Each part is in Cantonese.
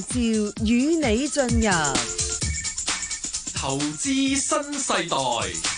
照與你進入投資新世代。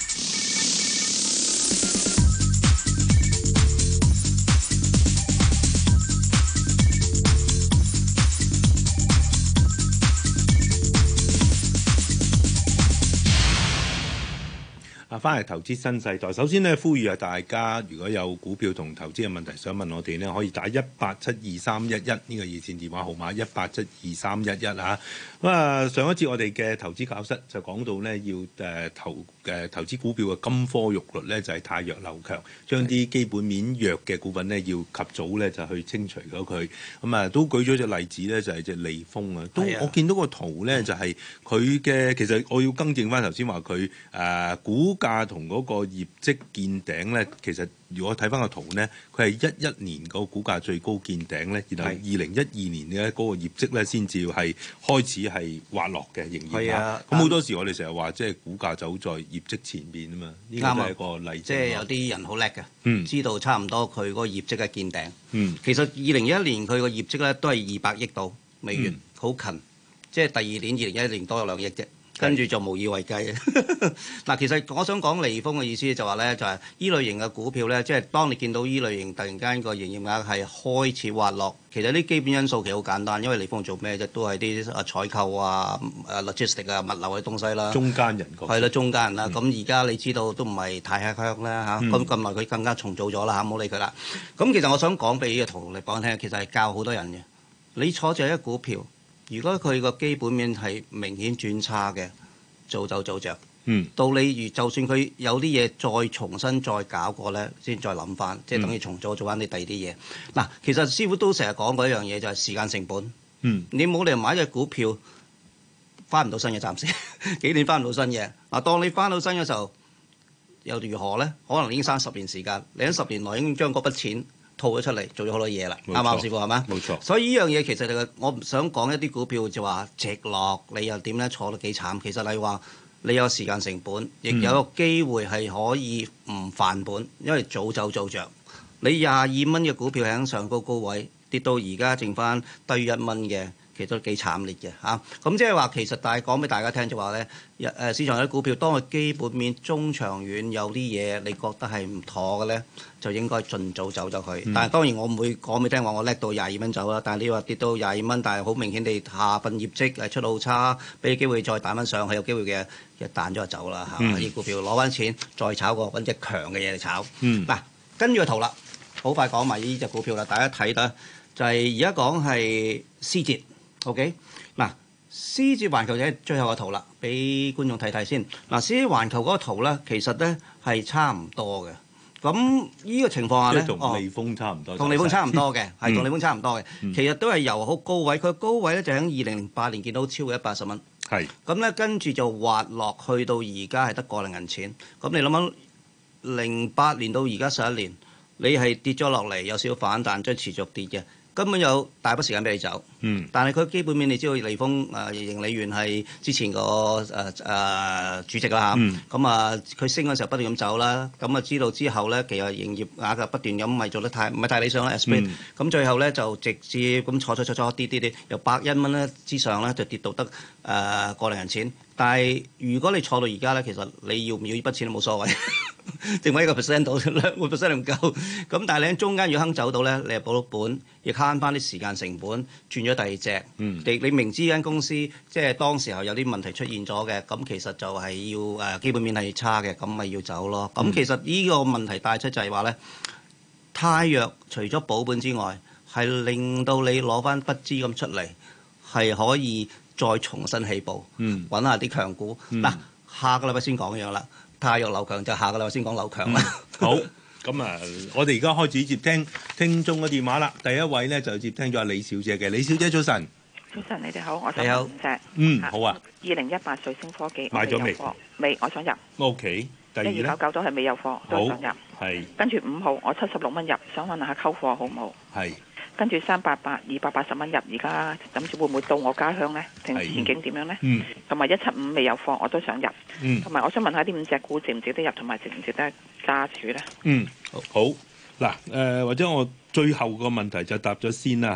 翻嚟投資新世代，首先咧呼籲啊大家，如果有股票同投資嘅問題想問我哋呢，可以打一八七二三一一呢個熱線電話號碼一八七二三一一啊。咁啊上一次我哋嘅投資教室就講到呢，要誒投誒投資股票嘅金科玉律呢，就係、是、汰弱留強，將啲基本面弱嘅股份呢，要及早呢就去清除咗佢。咁啊都舉咗隻例子呢，就係、是、隻利豐啊。都我見到個圖呢，就係佢嘅其實我要更正翻頭先話佢誒股價，啊，同嗰個業績見頂咧，其實如果睇翻個圖咧，佢係一一年個股價最高見頂咧，然後二零一二年咧嗰個業績咧先至係開始係滑落嘅，仍然係。咁好、啊、多時我哋成日話即係股價走在業績前面啊嘛，呢個係一個例子。即係、啊就是、有啲人好叻嘅，嗯、知道差唔多佢嗰個業績嘅見頂。嗯、其實二零一一年佢個業績咧都係二百億到美元，好、嗯、近，即、就、係、是、第二年二零一一年多咗兩億啫。跟住就無以為繼。嗱， 其實我想講利豐嘅意思就話、是、咧，就係、是、依類型嘅股票咧，即係當你見到依類型突然間個營業額係開始滑落，其實呢，基本因素其實好簡單，因為利豐做咩啫，都係啲啊採購啊、啊 Logistics 啊、物流嘅東西啦。中間人。係啦、嗯，中間人啦。咁而家你知道都唔係太吃香啦嚇。咁近埋佢更加重組咗啦吓，唔好理佢啦。咁其實我想講俾阿同你講聽，其實係教好多人嘅。你坐住一股票。如果佢個基本面係明顯轉差嘅，做就做着。到你、嗯、如就算佢有啲嘢再重新再搞過咧，先再諗翻，即係等於重做，做翻啲第二啲嘢。嗱，其實師傅都成日講過一樣嘢就係、是、時間成本。嗯、你冇理由買隻股票翻唔到新嘅，暫時，暫時幾年翻唔到新嘢。嗱，當你翻到新嘅時候又如何咧？可能已經曬十年時間，你喺十年內已經將嗰筆錢。套咗出嚟，做咗好多嘢啦，啱唔啱先？師傅，係咪？冇錯，冇錯，所以呢樣嘢其實你、就是、我唔想講一啲股票就話、是、直落，你又點呢？坐得幾慘？其實你話你有時間成本，亦有個機會係可以唔返本，因為早走早着。你廿二蚊嘅股票喺上高高位跌到而家剩翻低一蚊嘅。其實都幾慘烈嘅嚇，咁即係話其實但係講俾大家聽就話咧，誒市場有啲股票，當佢基本面中長遠有啲嘢，你覺得係唔妥嘅咧，就應該盡早走咗佢。但係當然我唔會講俾你聽話，我叻到廿二蚊走啦。但係你話跌到廿二蚊，但係好明顯地下份業績係出到好差，俾你機會再彈翻上去有機會嘅，彈咗就走啦嚇。呢啲股票攞翻錢再炒個揾隻強嘅嘢嚟炒。嗱，跟住個圖啦，好快講埋呢隻股票啦，大家睇得，就係而家講係思捷。OK 嗱，獅子環球就係最後嘅圖啦，俾觀眾睇睇先。嗱，獅子環球嗰個圖咧，其實咧係差唔多嘅。咁呢個情況下咧，同利豐差唔多，同、哦、利豐差唔多嘅，係同 利豐差唔多嘅。 其實都係由好高位，佢高位咧就喺二零零八年見到超過一百十蚊。係是。咁咧跟住就滑落去到而家係得個零銀錢。咁你諗諗，零八年到而家十一年，你係跌咗落嚟，有少少反彈，再持續跌嘅。根本有大把時間俾你走，嗯、但係佢基本面你知道，呃、利豐誒營理員係之前個誒誒主席啦嚇，咁、嗯、啊佢升嗰時候不斷咁走啦，咁啊知道之後咧，其實營業額就不斷咁咪做得太唔係太理想啦、啊、split 咁最後咧就直接咁坐坐坐挫跌跌跌，由百一蚊咧之上咧就跌到得誒個零銀錢。但係如果你坐到而家呢，其實你要唔要呢筆錢都冇所謂，剩翻一個 percent 到，兩個 percent 唔夠。咁但係你喺中間要肯走到呢，你又保到本，亦慳翻啲時間成本，轉咗第二隻。嗯、你明知間公司即係當時候有啲問題出現咗嘅，咁其實就係要誒基本面係差嘅，咁咪要走咯。咁其實呢個問題帶出就係話呢，太弱除咗保本之外，係令到你攞翻筆資咁出嚟，係可以。再重新起步，揾下啲強股。嗱，下個禮拜先講樣啦，太玉樓強就下個禮拜先講樓強啦。好，咁啊，我哋而家開始接聽聽眾嘅電話啦。第一位咧就接聽咗李小姐嘅，李小姐早晨，早晨，你哋好，我好，唔謝，嗯，好啊。二零一八瑞聲科技買咗未？未，我想入。O K，第二咧？九九都係未有貨，都想入，係。跟住五號我七十六蚊入，想問下溝貨好冇？係。跟住三百八二百八十蚊入，而家諗住會唔會到我家鄉呢？定前景點樣呢？同埋一七五未有貨，我都想入。同埋、嗯、我想問下啲五隻股值唔值得入，同埋值唔值得揸住呢？嗯，好，嗱，誒、啊、或者我。最後個問題就答咗先啦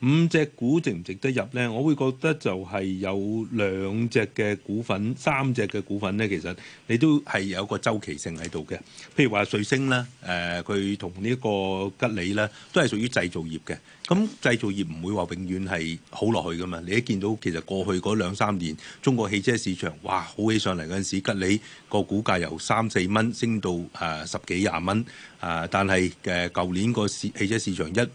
嚇，五隻股值唔值得入呢，我會覺得就係有兩隻嘅股份，三隻嘅股份呢。其實你都係有一個週期性喺度嘅。譬如話瑞星啦，誒佢同呢個吉利呢，都係屬於製造業嘅。咁製造業唔會話永遠係好落去㗎嘛？你一見到其實過去嗰兩三年中國汽車市場哇好起上嚟嗰陣時，吉利個股價由三四蚊升到誒、呃、十幾廿蚊，啊、呃、但係誒舊年個市汽車市場一誒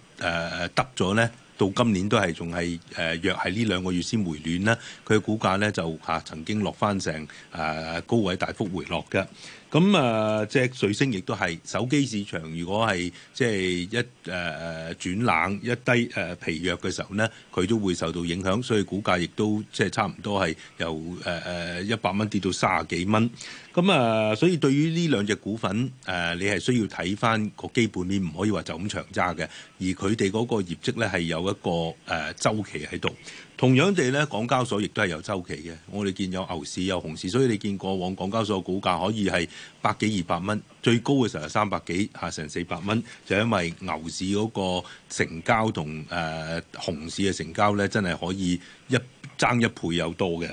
得咗咧，到今年都係仲係誒，若係呢兩個月先回暖啦，佢嘅股價咧就嚇、啊、曾經落返成誒、啊、高位大幅回落嘅。咁啊、呃，即係瑞星亦都係手機市場。如果係即係一誒誒轉冷一低誒疲、呃、弱嘅時候咧，佢都會受到影響，所以股價亦都即係差唔多係由誒誒一百蚊跌到三十幾蚊。咁啊、呃，所以對於呢兩隻股份誒、呃，你係需要睇翻個基本面，唔可以話就咁長揸嘅，而佢哋嗰個業績咧係有一個誒週、呃、期喺度。同樣地咧，港交所亦都係有周期嘅。我哋見有牛市有熊市，所以你見過往港交所股價可以係百幾二百蚊，最高嘅時候係三百幾嚇、啊，成四百蚊，就因為牛市嗰個成交同誒、呃、熊市嘅成交咧，真係可以一爭一倍有多嘅。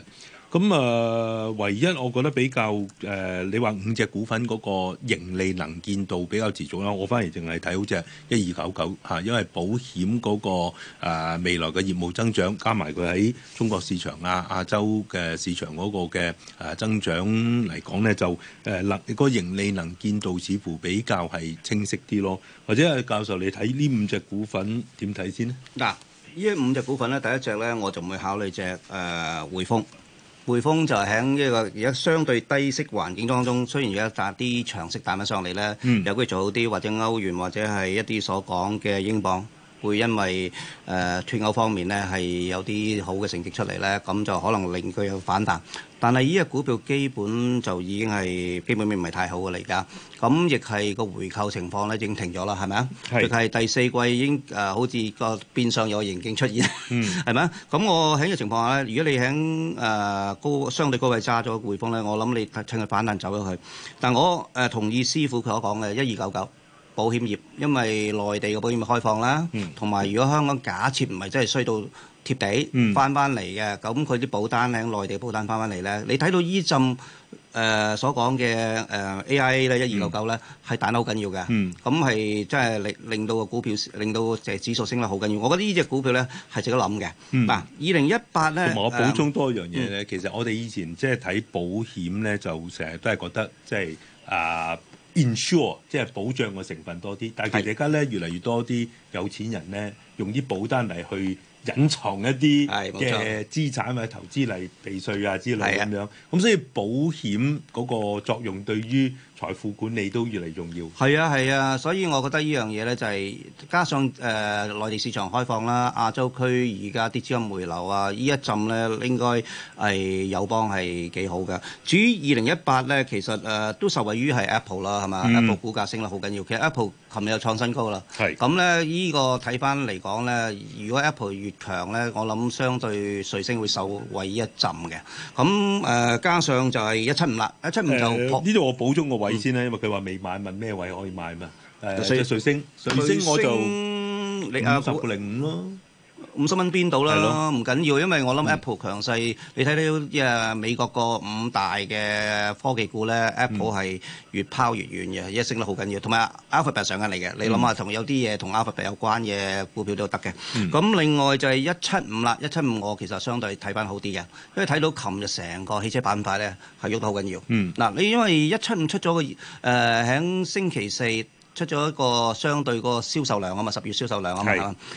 咁啊，唯一我覺得比較誒，你話五隻股份嗰個盈利能見度比較持續啦。我反而淨係睇好似係一二九九嚇，因為保險嗰個啊未來嘅業務增長，加埋佢喺中國市場啊、亞洲嘅市場嗰個嘅啊增長嚟講咧，就誒嗰個盈利能見度似乎比較係清晰啲咯。或者係教授你睇呢五隻股份點睇先咧？嗱，呢五隻股份咧，第一隻咧，我就唔會考慮隻誒匯豐。匯豐就喺呢個而家相對低息環境當中，雖然而家沓啲長息彈起上嚟咧，嗯、有機會做好啲，或者歐元或者係一啲所講嘅英鎊，會因為誒、呃、脱歐方面咧係有啲好嘅成績出嚟咧，咁就可能令佢有反彈。但係依個股票基本就已經係基本面唔係太好嘅嚟㗎，咁亦係個回購情況咧已經停咗啦，係咪啊？係是。係第四季已經誒、呃，好似個變相有刑警出現，係咪啊？咁我喺呢個情況下咧，如果你喺誒高相對高位揸咗個匯豐咧，我諗你趁佢反彈走咗佢。但我誒、呃、同意師傅佢所講嘅，一二九九保險業，因為內地嘅保險業開放啦，同埋、嗯、如果香港假設唔係真係衰到。貼地翻翻嚟嘅，咁佢啲保單咧，內地保單翻翻嚟咧，你睇到呢浸誒所講嘅誒 AIA 咧、嗯，一二九九咧係彈得好緊要嘅，咁係、嗯、真係令令到個股票令到誒指數升得好緊要。我覺得呢隻股票咧係值得諗嘅嗱。二零一八咧，同埋呢我補充多一樣嘢咧，嗯、其實我哋以前即係睇保險咧，就成日都係覺得即係啊，ensure 即係保障嘅成分多啲，但係其實而家咧越嚟越多啲有錢人咧用啲保單嚟去，去。隱藏一啲嘅資產或者投資嚟避稅啊之類咁樣，咁所以保險嗰個作用對於財富管理都越嚟越重要。係啊係啊，所以我覺得呢樣嘢咧就係加上誒內地市場開放啦，亞洲區而家啲資金回流啊，呢一陣咧應該係友邦係幾好嘅。至於二零一八咧，其實誒都受惠於係 Apple 啦，係嘛？Apple 股價升得好緊要。其實 Apple 琴日又創新高啦，咁咧依個睇翻嚟講咧，如果 Apple 越強咧，我諗相對瑞星會受惠一浸嘅。咁誒、呃，加上就係一七五啦，一七五就呢度、呃、我補充個位先啦，嗯、因為佢話未買問咩位可以買嘛。誒、呃，瑞以星，瑞星我就五十零五咯。50. 彗五十蚊邊度啦？唔緊要，因為我諗 Apple、嗯、強勢，你睇到誒美國個五大嘅科技股咧、嗯、Apple 係越拋越遠嘅，一、嗯、升得好緊要。同埋 Alphabet 上緊嚟嘅，嗯、你諗下同有啲嘢同 Alphabet 有關嘅股票都得嘅。咁、嗯、另外就係一七五啦，一七五我其實相對睇翻好啲嘅，因為睇到琴日成個汽車板塊咧係喐得好緊要。嗱、嗯啊，你因為一七五出咗個誒喺星期四。出咗一個相對個銷售量啊嘛，十月銷售量啊嘛，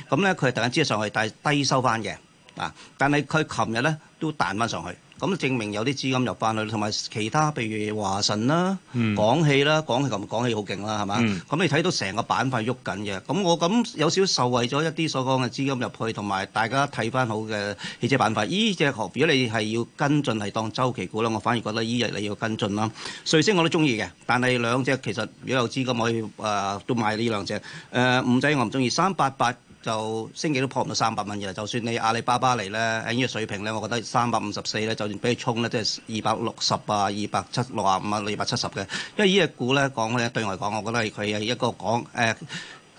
咁咧佢突然之間上去，但係低收翻嘅啊，但係佢琴日呢，都彈翻上去。咁證明有啲資金入翻去，同埋其他譬如華晨啦、嗯、啦、港汽啦、廣汽同港汽好勁啦，係嘛？咁、嗯、你睇到成個板塊喐緊嘅，咁我咁有少少受惠咗一啲所講嘅資金入去，同埋大家睇翻好嘅汽車板塊。呢隻何？如果你係要跟進，係當週期股啦，我反而覺得呢日你要跟進啦。瑞星我都中意嘅，但係兩隻其實如果有資金可以誒、呃、都買呢兩隻。誒、呃、五仔我唔中意，三八八。就升幾都破唔到三百蚊嘅。就算你阿里巴巴嚟咧喺呢個水平咧，我覺得三百五十四咧，就算俾佢衝咧，即係二百六十啊，二百七六啊五啊，二百七十嘅。因為呢隻股咧講咧對我嚟講，我覺得係佢係一個港誒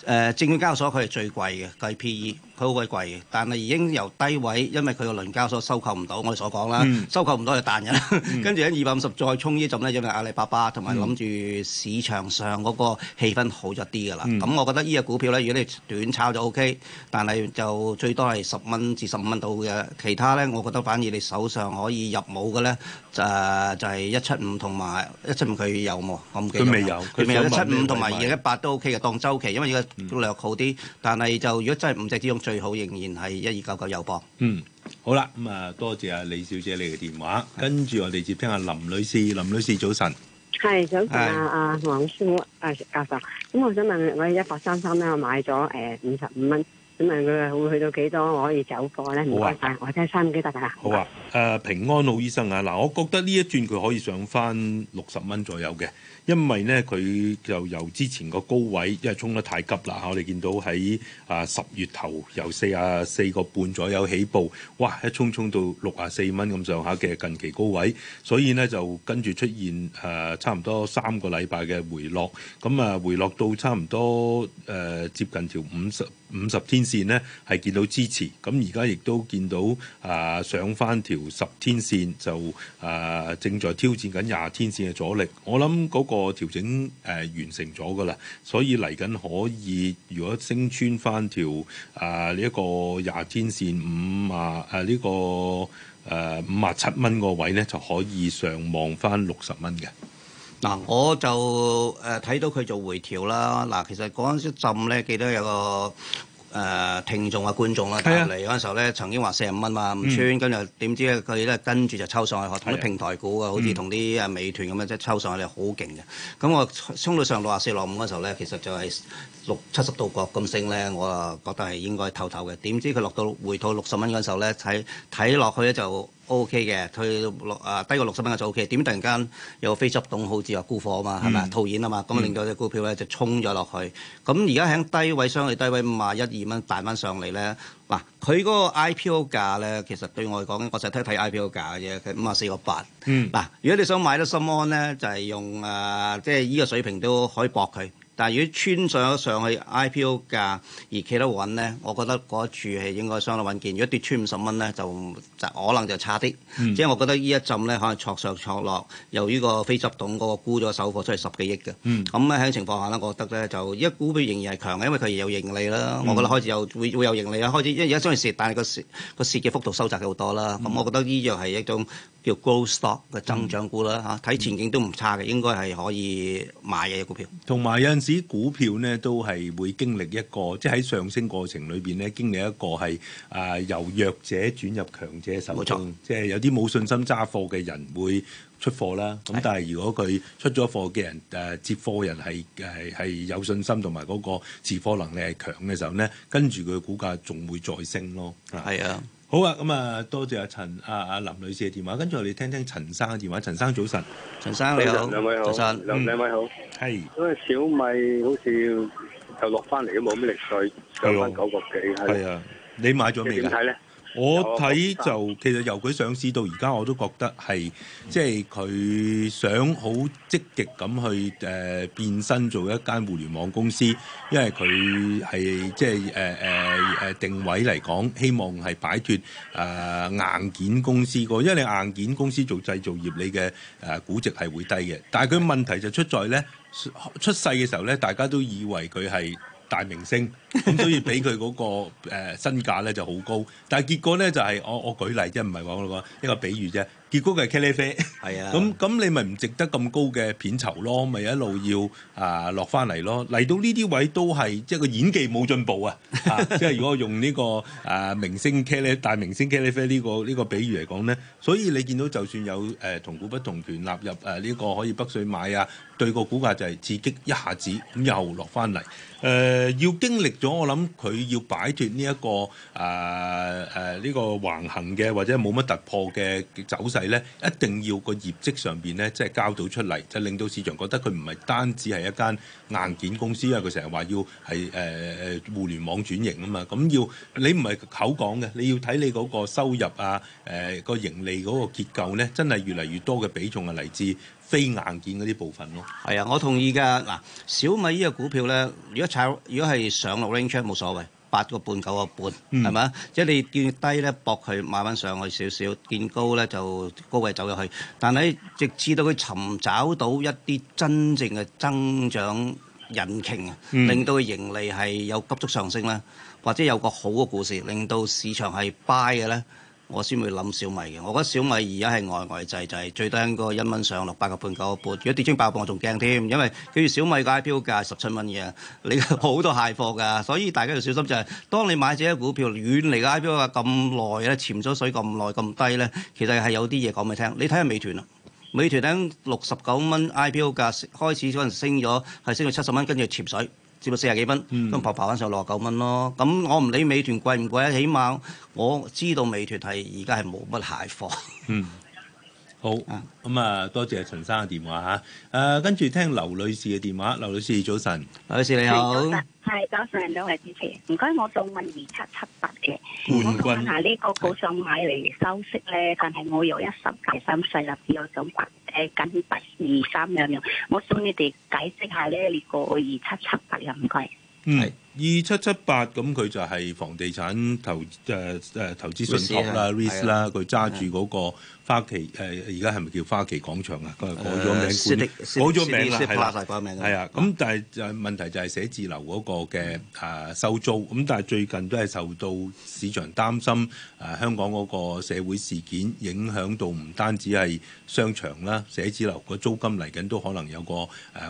誒證券交易所，佢係最貴嘅計 P E。都鬼貴，但係已經由低位，因為佢個倫交所收購唔到，我哋所講啦，嗯、收購唔到就彈人。嗯、跟住喺二百五十再衝呢一陣咧，因為阿里巴巴同埋諗住市場上嗰個氣氛好咗啲嘅啦。咁、嗯、我覺得呢隻股票咧，如果你短炒就 OK，但係就最多係十蚊至十五蚊到嘅。其他咧，我覺得反而你手上可以入冇嘅咧，就就係一七五同埋一七五佢有冇？佢未有，佢未有。一七五同埋二一八都 OK 嘅，當週期，因為而家略好啲。嗯、但係就如果真係唔隻之用。最好仍然係一二九九友邦。嗯，好啦，咁、嗯、啊，多謝啊李小姐你嘅電話，跟住的我哋接聽啊林女士，林女士早晨，係早晨啊的啊黃師傅啊教授，咁我想問我哋一八三三咧，我買咗誒五十五蚊。呃咁問，佢會去到幾多我可以走貨咧？唔該曬，我真係三幾得噶啦。好啊，誒、呃、平安好醫生啊，嗱，我覺得呢一轉佢可以上翻六十蚊左右嘅，因為咧佢就由之前個高位，因為衝得太急啦嚇，我哋見到喺啊十月頭由四啊四個半左右起步，哇！一衝衝到六啊四蚊咁上下嘅近期高位，所以咧就跟住出現誒、呃、差唔多三個禮拜嘅回落，咁、嗯、啊、呃、回落到差唔多誒、呃、接近條五十。五十天線呢係見到支持，咁而家亦都見到啊、呃、上翻條十天線就啊、呃、正在挑戰緊廿天線嘅阻力。我諗嗰個調整誒、呃、完成咗㗎啦，所以嚟緊可以如果升穿翻條啊呢一個廿天線五啊誒呢個誒五啊七蚊個位呢，就可以上望翻六十蚊嘅。嗱，我就誒睇、呃、到佢做回調啦。嗱，其實嗰陣時浸咧，記得有個誒、呃、聽眾啊觀眾啦，嚟嗰陣時候咧，曾經話四十五蚊嘛唔穿，嗯、跟住點知咧佢咧跟住就抽上去，同啲平台股啊，好似同啲啊美團咁樣即係的、嗯、抽上去咧好勁嘅。咁我衝到上六啊四六五嗰時候咧，其實就係、是。六七十度角咁升咧，我啊覺得係應該透透嘅。點知佢落到回吐六十蚊嗰時候咧，睇睇落去咧就 O K 嘅，佢落啊低過六十蚊就 OK，點突然間有非執董好似話沽貨啊嘛，係咪啊套現啊嘛，咁令到隻股票咧就衝咗落去。咁而家喺低位，相對低位五啊一二蚊彈翻上嚟咧，嗱佢嗰個 I P O 價咧，其實對我嚟講，我就睇睇 I P O 價嘅啫，佢五啊四個八。嗯。嗱，如果你想買得心安咧，就係用啊，即係依個水平都可以搏佢。但係如果穿上一上去 IPO 價而企得穩咧，我覺得嗰一柱係應該相當穩健。如果跌穿五十蚊咧，就可能就差啲。即係、嗯、我覺得呢一陣咧可能戳上戳落，由依個非執董嗰個沽咗首貨出嚟十幾億嘅。咁咧喺情況下咧，嗯嗯、我覺得咧就一股仍然係強嘅，因為佢有盈利啦。我覺得開始有會會有盈利啦，開始因為而家相對跌，但係個蝕個蝕嘅幅度收窄好多啦。咁、嗯嗯、我覺得呢樣係一種。叫 growth stock 嘅增長股啦吓，睇前景都唔差嘅，應該係可以買嘅股票。同埋有陣時股票咧都係會經歷一個，即係喺上升過程裏邊咧經歷一個係啊由弱者轉入強者手中，即係有啲冇信心揸貨嘅人會出貨啦。咁但係如果佢出咗貨嘅人誒接貨人係誒係有信心同埋嗰個持貨能力係強嘅時候咧，跟住佢嘅股價仲會再升咯。係啊。好啊，咁、嗯、啊，多謝阿陳阿阿林女士嘅電話，跟住我哋聽聽陳生嘅電話。陳生早晨，陳生你好，兩、哎、位好，陳生兩位好，係、嗯。因為小米好似就落翻嚟，都冇咩力水，九翻九個幾係。係啊的，的你買咗未噶？你我睇就其實由佢上市到而家，我都覺得係，即係佢想好積極咁去誒、呃、變身做一間互聯網公司，因為佢係即係誒誒誒定位嚟講，希望係擺脫誒硬件公司個，因為你硬件公司做製造業你嘅誒、呃、估值係會低嘅。但係佢問題就出在咧，出世嘅時候咧，大家都以為佢係。大明星咁，所以俾佢嗰個誒、呃、身價咧就好高，但係結果咧就係，是，我我舉例啫，唔係話我講一個比喻啫。結果嘅係 Kelly 飛，係啊，咁咁你咪唔值得咁高嘅片酬咯，咪一路要啊、呃、落翻嚟咯。嚟到呢啲位都係即係個演技冇進步啊！即係、 啊就是、如果用呢、這個啊、呃、明星 Kelly 大明星 Kelly 飛呢、這個呢、這個比喻嚟講咧，所以你見到就算有誒、呃、同股不同權納入誒呢、呃這個可以北水買啊，對個股價就係刺激一下子，咁又落翻嚟。誒、呃、要經歷咗，我諗佢要擺脫呢、這、一個啊誒呢個橫行嘅或者冇乜突破嘅走勢。係咧，一定要個業績上邊咧，即係交到出嚟，就令到市場覺得佢唔係單止係一間硬件公司，因為佢成日話要係誒誒互聯網轉型啊嘛。咁要你唔係口講嘅，你要睇你嗰個收入啊，誒個盈利嗰個結構咧，真係越嚟越多嘅比重係嚟自非硬件嗰啲部分咯。係啊，我同意㗎。嗱，小米呢個股票咧，如果炒，如果係上落 range 冇所謂。八個半九個半，係咪、嗯？即係你見低咧，搏佢慢慢上去少少；見高咧，就高位走入去。但係直至到佢尋找到一啲真正嘅增長引擎啊，令到佢盈利係有急速上升啦，或者有個好嘅故事，令到市場係 Buy 嘅咧。我先會諗小米嘅，我覺得小米而家係呆呆滯滯，最低應該一蚊上落八個半九個半。如果跌穿八個半，我仲驚添，因為跟住小米個 IPO 價十七蚊嘅，你好多蟹貨㗎，所以大家要小心就係，當你買這隻股票遠離個 IPO 價咁耐咧，潛咗水咁耐咁低咧，其實係有啲嘢講俾你聽。你睇下美團啦，美團咧，六十九蚊 IPO 價開始嗰陣升咗，係升到七十蚊，跟住潛水。接到四十幾蚊，跟住白白翻上六十九蚊咯。咁我唔理美團貴唔貴，起碼我知道美團係而家係冇乜鞋貨。嗯，好，咁啊，嗯、多謝陳生嘅電話嚇。誒、啊，跟住聽劉女士嘅電話。劉女士早晨，劉女士你好，係早晨，兩位主持唔該，我到問二七七八嘅。胡冠，冠，問下呢個好想買嚟收息咧，但係我有一十大三細啦，只有九百。誒，咁八二三兩樣，我送你哋解釋下咧，呢個二七七八咁貴。嗯。 二七七八咁佢，啊、就係房地產投誒誒、啊、投資信託啦，REIT 啦，佢揸住嗰個花旗誒，而家係咪叫花旗廣場 prettier，啊？佢改咗名，改咗名啦，係啊，咁、嗯、但係就係問題就係寫字樓嗰個嘅誒、啊、收租，咁但係最近都係受到市場擔心誒、啊、香港嗰個社會事件影響到，唔單止係商場啦，寫字樓個租金嚟緊都可能有個誒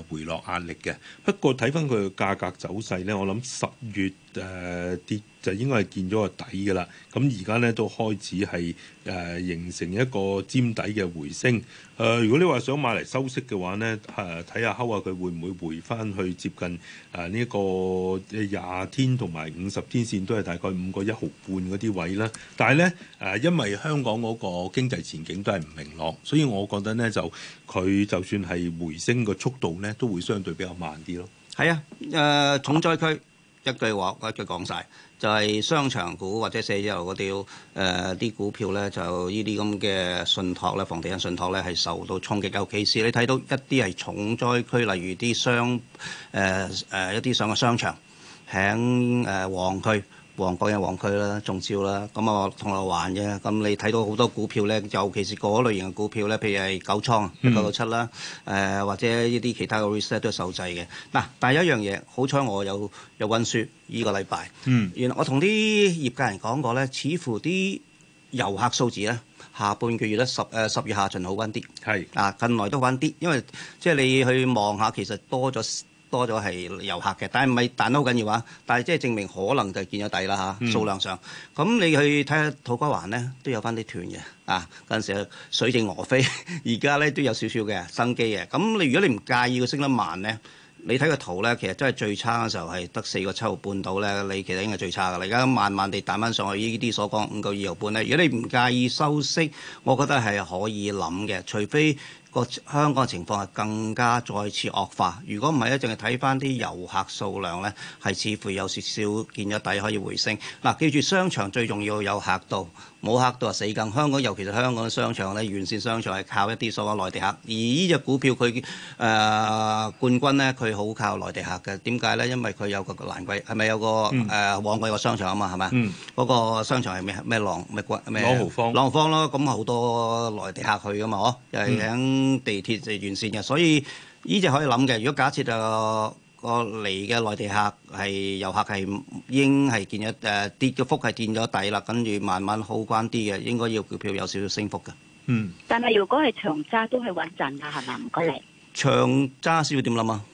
回落壓力嘅。不過睇翻佢嘅價格走勢咧，我諗。十月誒、呃、跌就應該係見咗個底噶啦，咁而家咧都開始係誒、呃、形成一個尖底嘅回升。誒、呃，如果你話想買嚟收息嘅話咧，誒睇下睺下佢會唔會回翻去接近誒呢、呃這個廿天同埋五十天線都係大概五個一毫半嗰啲位啦。但係咧誒，因為香港嗰個經濟前景都係唔明朗，所以我覺得咧就佢就算係回升個速度咧，都會相對比較慢啲咯。係啊，誒重災區。啊。一句話，一句講晒，就係、是、商場股或者寫字樓嗰啲誒啲股票咧，就呢啲咁嘅信託咧，房地產信託咧，係受到衝擊，尤其是你睇到一啲係重災區，例如啲商誒誒、呃呃、一啲上嘅商場喺誒旺區。旺角又旺區啦，中招啦，咁啊同路玩嘅，咁你睇到好多股票咧，尤其是嗰類型嘅股票咧，譬如係九倉、嗯、一九六七啦，誒、呃、或者一啲其他嘅 reset 都係受制嘅。嗱、啊，但係有一樣嘢，好彩我有有溫書依個禮拜，嗯、原來我同啲業界人講過咧，似乎啲遊客數字咧，下半個月咧十誒、呃、十月下旬好溫啲，係是啊近來都溫啲，因為即係你去望下，其實多咗。多咗係遊客嘅，但係唔係彈得好緊要啊！但係即係證明可能就係見咗底啦嚇，啊嗯、數量上。咁你去睇下土瓜灣咧，都有翻啲團嘅啊！嗰陣時水靜鵝飛，而家咧都有少少嘅生機嘅。咁你如果你唔介意佢升得慢咧，你睇個圖咧，其實真係最差嘅時候係得四個七毫半到咧，你其實已經係最差㗎啦。而家慢慢地彈翻上去，呢啲所講五個二毫半咧。如果你唔介意收息，我覺得係可以諗嘅，除非，個香港嘅情況係更加再次惡化，如果唔係咧，淨係睇翻啲遊客數量咧，係似乎有少少見咗底可以回升。嗱、啊，記住商場最重要有客到。冇客都話死梗，香港尤其是香港嘅商場咧，完善商場係靠一啲所謂內地客。而呢隻股票佢誒、呃、冠軍咧，佢好靠內地客嘅。點解咧？因為佢有個蘭桂係咪有個誒旺貴個商場啊？嘛係嘛，嗰、嗯、個商場係咩咩浪咩貴咩？朗豪坊，朗豪坊咯，咁好多內地客去㗎嘛，嗬，又係喺地鐵就完善嘅，嗯、所以呢隻可以諗嘅。如果假設就、呃個嚟嘅內地客係遊客係應係見咗誒跌嘅，呃、幅係見咗底啦，跟住慢慢好返啲嘅，應該要票票有少少升幅嘅。嗯，但係如果係長揸都係穩陣㗎，係嘛？唔該你。長揸係要點諗啊？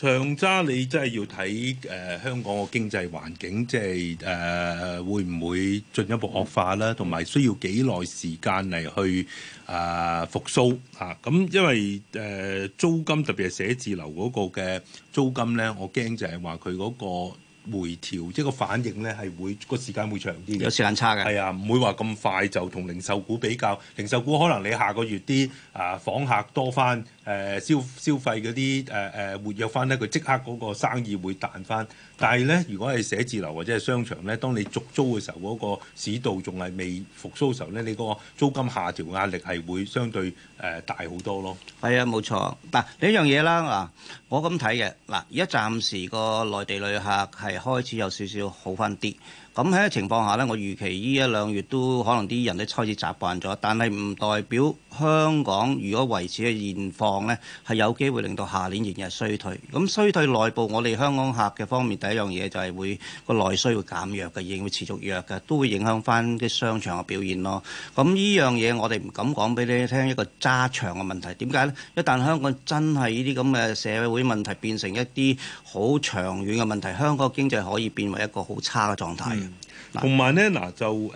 長揸你真係要睇誒、呃、香港個經濟環境，即係誒、呃、會唔會進一步惡化啦？同埋需要幾耐時間嚟去誒、呃、復甦嚇？咁、啊、因為誒、呃、租金特別係寫字樓嗰個嘅租金咧，我驚就係話佢嗰個。回調即個反應呢，係會個時間會長啲，有時間差嘅。係啊，唔會話咁快就同零售股比較，零售股可能你下個月啲啊、呃、房客多翻，誒、呃、消消費嗰啲誒誒活躍翻咧，佢即刻嗰個生意會彈翻。但係咧，如果係寫字樓或者係商場咧，當你續租嘅時候，嗰、嗰個市道仲係未復蘇嘅時候咧，你個租金下調壓力係會相對誒、呃、大好多咯。係啊，冇錯，嗱呢樣嘢啦，嗱我咁睇嘅。嗱而家暫時個內地旅客係。開始有少少好返啲，咁喺情況下呢，我預期呢一兩月都可能啲人都開始習慣咗，但係唔代表。香港如果維持嘅現況呢，係有機會令到下年仍然衰退。咁衰退內部，我哋香港客嘅方面第一樣嘢就係會個內需會減弱嘅，亦會持續弱嘅，都會影響翻啲商場嘅表現咯。咁呢樣嘢我哋唔敢講俾你聽一個揸場嘅問題。點解呢？一旦香港真係呢啲咁嘅社會問題變成一啲好長遠嘅問題，香港經濟可以變為一個好差嘅狀態。嗯同埋咧，嗱就誒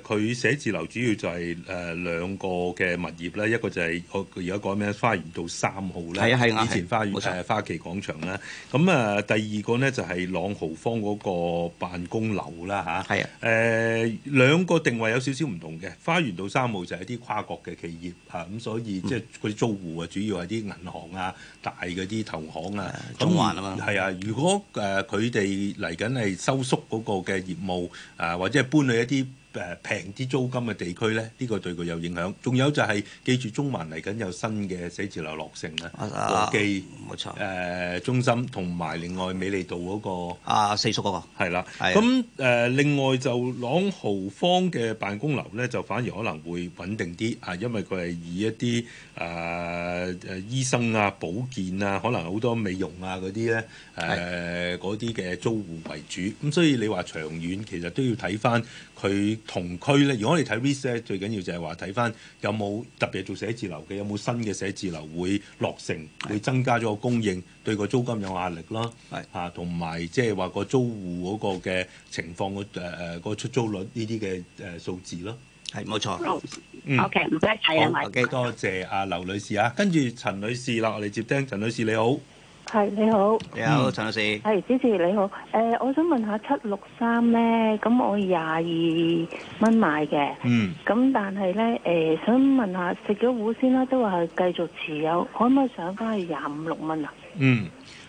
佢、呃、寫字樓主要就係、是、誒、呃、兩個嘅物業啦。一個就係我而家講咩？花園道三號咧，係啊係啊，以前花園就係、啊啊啊、花旗廣場啦。咁啊錯，第二個咧就係、是、朗豪坊嗰個辦公樓啦吓？係啊，誒、啊、兩個定位有少少唔同嘅。花園道三號就係啲跨國嘅企業嚇，咁、啊、所以即係啲租戶啊，主要係啲銀行啊、大嗰啲投行啊，啊中環啊嘛。係啊，如果誒佢哋嚟緊係收縮嗰個嘅業務。啊，或者係搬去一啲。誒平啲租金嘅地區咧，呢、這個對佢有影響。仲有就係、是、記住中環嚟緊有新嘅寫字樓落成啦，和記冇錯誒中心，同埋另外美利道嗰、那個、啊、四叔嗰、那個係啦。咁誒的的、啊、另外就朗豪坊嘅辦公樓咧，就反而可能會穩定啲啊，因為佢係以一啲誒誒醫生啊、保健啊，可能好多美容啊嗰啲咧誒嗰啲嘅租戶為主咁，所以你話長遠其實都要睇返。佢同區咧，如果我哋睇 research 最緊要就係話睇翻有冇特別做寫字樓嘅？有冇新嘅寫字樓會落成，的會增加咗個供應，對個租金有壓力咯。係的啊，同埋即係話個租戶嗰個嘅情況，個誒誒個出租率呢啲嘅誒數字咯。係冇錯。嗯、OK，唔該曬啊，多謝阿劉女士啊，跟住陳女士啦，我哋接聽陳女士你好。係你好，你好陳老師，係主持你好，誒，我想問下七六三咧，咁我廿二蚊買嘅，嗯，咁但係咧，誒，想問下食咗糊先啦，都話係繼續持有，可唔可上翻去廿五六蚊啊？嗯，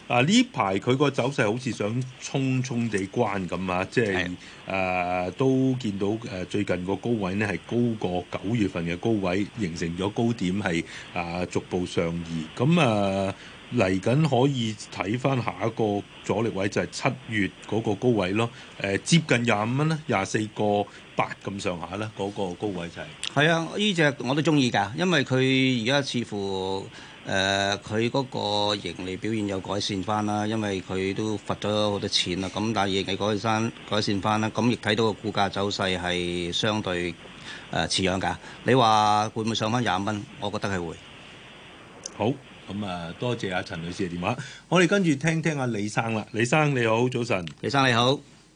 啊呢排佢個走勢好似想衝衝地關咁啊，即係誒都見到誒最近個高位咧係高過九月份嘅高位，形成咗高點係啊逐步上移，咁啊。嚟緊可以睇翻下一個阻力位就係、是、七月嗰個高位咯，誒、呃、接近廿五蚊啦，廿四個八咁上下啦。嗰、那個高位就係、是。係啊，呢隻我都中意㗎，因為佢而家似乎誒佢嗰個盈利表現有改善翻啦，因為佢都罰咗好多錢啦，咁但係盈利改善改善翻啦，咁亦睇到個股價走勢係相對誒似樣㗎。你話會唔會上翻廿五蚊？我覺得係會。好。咁啊、嗯，多謝阿陳女士嘅電話。我哋跟住聽聽阿李生啦，李生你好，早晨。李生你好，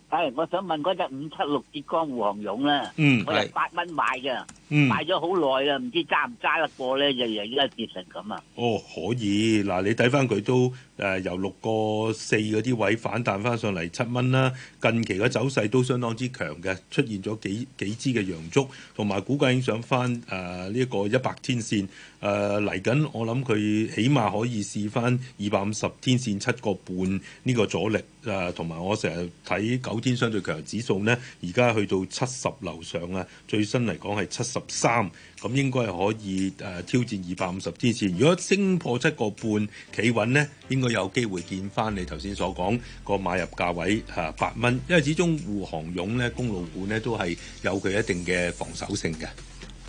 係，我想問嗰隻五七六浙江滬杭甬呢，嗯，我哋八蚊買嘅，嗯，買咗好耐啦，唔知揸唔揸得過咧？日日而家跌成咁啊。哦，可以，嗱，你睇翻佢都。誒、呃、由六個四嗰啲位反彈翻上嚟七蚊啦，近期嘅走勢都相當之強嘅，出現咗幾幾支嘅陽燭，同埋估計升上翻誒呢個一百天線誒嚟緊，我諗佢起碼可以試翻二百五十天線七個半呢個阻力誒，同、呃、埋我成日睇九天相對強指數呢，而家去到七十樓上啊，最新嚟講係七十三。咁應該係可以誒、呃、挑戰二百五十天線。如果升破七個半企穩咧，應該有機會見翻你頭先所講個買入價位嚇、呃、八蚊。因為始終滬杭甬咧、公路股咧都係有佢一定嘅防守性嘅。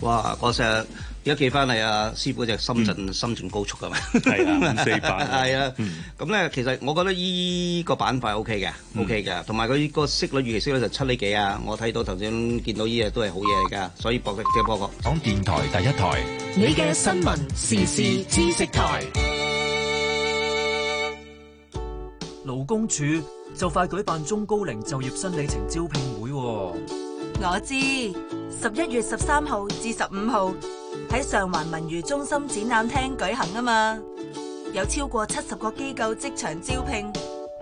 哇！嗰隻而家寄翻嚟啊，師傅嗰隻深圳、嗯、深圳高速啊嘛，係啊，五四八，係 啊。咁咧、嗯嗯，其實我覺得依個板塊 O K 嘅，O K 嘅，同埋佢個息率預期息率就七厘幾啊。我睇到頭先見到依嘢都係好嘢嚟噶，所以博得聽播個。播講電台第一台，你嘅新聞時事知識台，勞工處就快舉辦中高齡就業新里程招聘會、哦。我知，十一月十三號至十五號喺上環文娛中心展覽廳舉行啊嘛，有超過七十個機構職場招聘，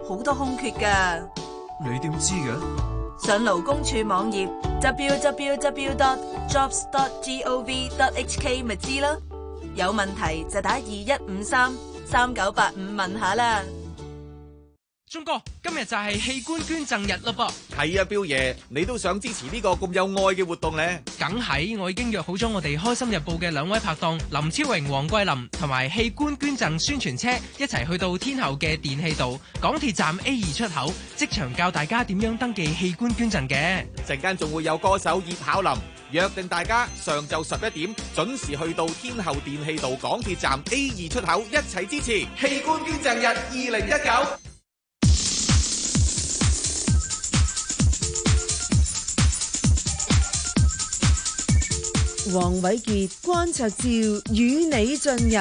好多空缺噶。你點知嘅？上勞工處網頁 w w w dot jobs dot g o v dot h k 咪知咯。有問題就打二一五三三九八五問下啦。中哥，今日就係器官捐贈日咯噃。係啊，彪爺，你都想支持呢個咁有愛嘅活動呢？梗係，我已經約好咗我哋開心日報嘅兩位拍檔林超榮、黃桂林，同埋器官捐贈宣傳車一齊去到天后嘅電氣道港鐵站 A 二出口，即場教大家點樣登記器官捐贈嘅。陣間仲會有歌手葉巧林約定，大家上晝十一點準時去到天后電氣道港鐵站 A 二出口，一齊支持器官捐贈日二零一九。黃偉傑關焯照與你進入